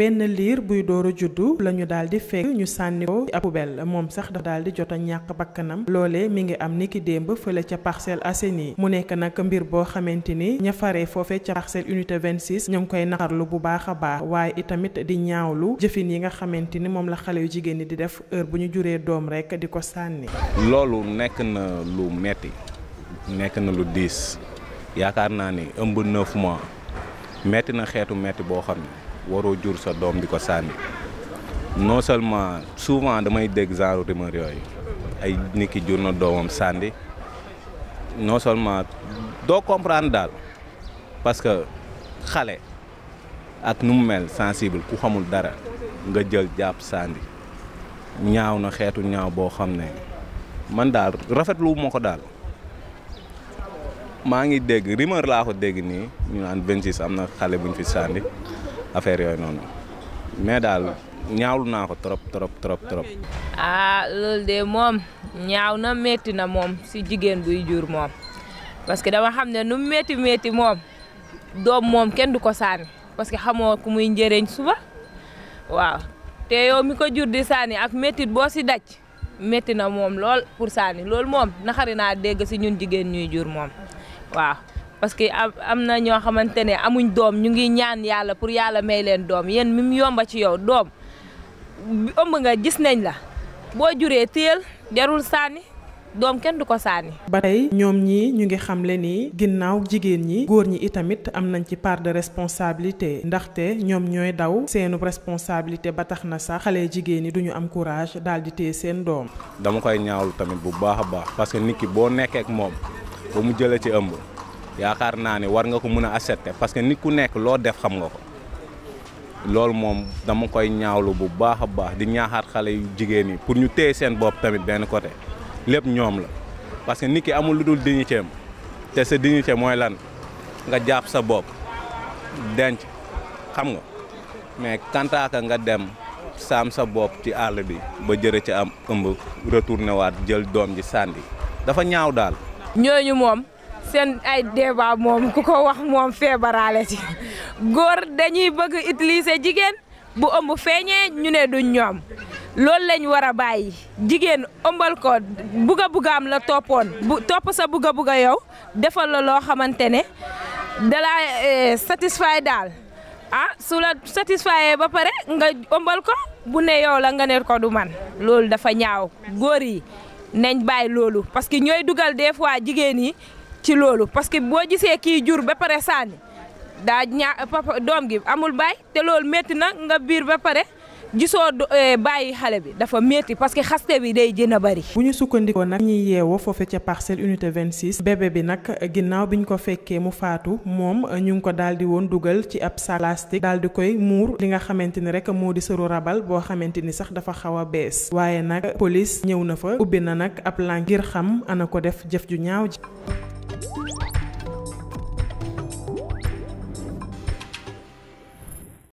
benn liir buy door a juddu la ñu daal di fekk ñu sànni ko ci ab poubelle moom sax dafa daal di jot a ñàkk bakkanam loole mi ngi am niki démb fële ca Parcelles Assainies mu nekk nag mbir boo xamante ni ña faree foofe ca Parcelles unité 26 ñu ngi koy naqarlu bu baax a baax waaye itamit di ñaaw lu jëfin yi nga xamante ni moom la xale yu jigéen ñi di def heure bu ñu juree doom rek di ko sànni. loolu nekk na lu metti nekk na lu diis yaakaar naa ni ëmb neuf mois metti na xeetu metti boo xam waroo jur sa doom di ko sànni non seulement souvent damay dégg genre rumeur yooy ay nikki jur na doomam sànni non seulement doo comprendre daal parce que xale ak nu mu mel sensible ku xamul dara nga jël jàpp sànni ñaaw na xeetu ñaaw boo xam ne man daal rafetlu ma ko daal maa ngi dégg rumeur laa ko dégg nii ñu naan 26 am na xale bu ñu fi sànni affaire yooyu noonu mais daal ñaaw naa ko trop trop trop trop. ah loolu de moom ñaaw na métti na moom si jigéen buy jur moom parce que dama xam ne nu métti métti moom doom moom kenn du ko sànni parce que xamoo ku muy njëriñ suba waaw te yow mi ko jur di sànni ak méttit boo si daj métti na moom lool pour sànni loolu moom naxari naa dégg si ñun jigéen ñuy jur moom waaw. parce que am na ñoo xamante ne amuñ doom ñu ngi ñaan yàlla pour yàlla may leen doom yéen mi mu yomba ci yow doom ëmb nga gis nañ la boo juree téyel jarul sànni doom kenn du ko sànni ba tey ñoom ñii ñu ngi xamle ni ginnaaw jigéen ñi góor ñi itamit am nañ ci part de responsabilité ndaxte ñoom ñooy daw seenub responsabilité ba tax na sax xale jigéen ñi du ñu am courage daal di téye seen doom. dama koy ñaawlu tamit bu baax a baax parce que nit boo nekkee ak moom mu jëlee ci ëmb. yaakaar naa ne war nga ko mën a accepter parce que nit ku nekk loo def xam nga ko loolu moom dama koy ñaawlu bu baax a baax di ñaaxaat xale yu jigéen yi pour ñu téye seen bopp tamit benn côté lépp ñoom la parce que nit ki amul lu dul dignité am te sa dignité mooy lan nga jàpp sa bopp denc xam nga mais kantaaka nga dem saam sa bopp ci àll bi ba jërë ci am ëmb retourné waat jël doom ji sànni dafa ñaaw daal. ñooñu moom. seen ay débat moom ku ko wax moom feebaraale ci góor dañuy bëgg utiliser jigéen bu ëmb feeñee ñu ne duñ ñoom loolu lañ war a bàyyi jigéen ëmbal ko bugg a buggaam la toppoon bu topp sa bugg a yow defal la loo xamante ne dalaa eh, satisfay daal ah su la satisfayé ba pare nga ëmbal ko bu ne yow la nga ne ko du man loolu dafa ñaaw góor yi nañ bàyyi loolu parce ñooy dugal des fois jigéen yi ci loolu parce que boo gisee kii jur ba pare sànni daa ñaa papa doom gi amul baay te loolu métti na nga biir ba pare gisoo eh, bàyyi xale bi dafa métti parce que xaste bi day gën a bari. bu ñu sukkandikoo nag ñuy yeewoo foofe ca parcelle unité 26 bébé bi nag ginnaaw bi ñu ko fekkee mu faatu moom ñu ngi ko daal di woon dugal ci ab sac plastique daal di koy muur li nga xamante ni rek moo di sëru rabal boo xamante ni sax dafa xaw a bees waaye nag polis ñëw na fa ubbi na nag ab la ngir xam ana ko def jëf ju ñaaw ji.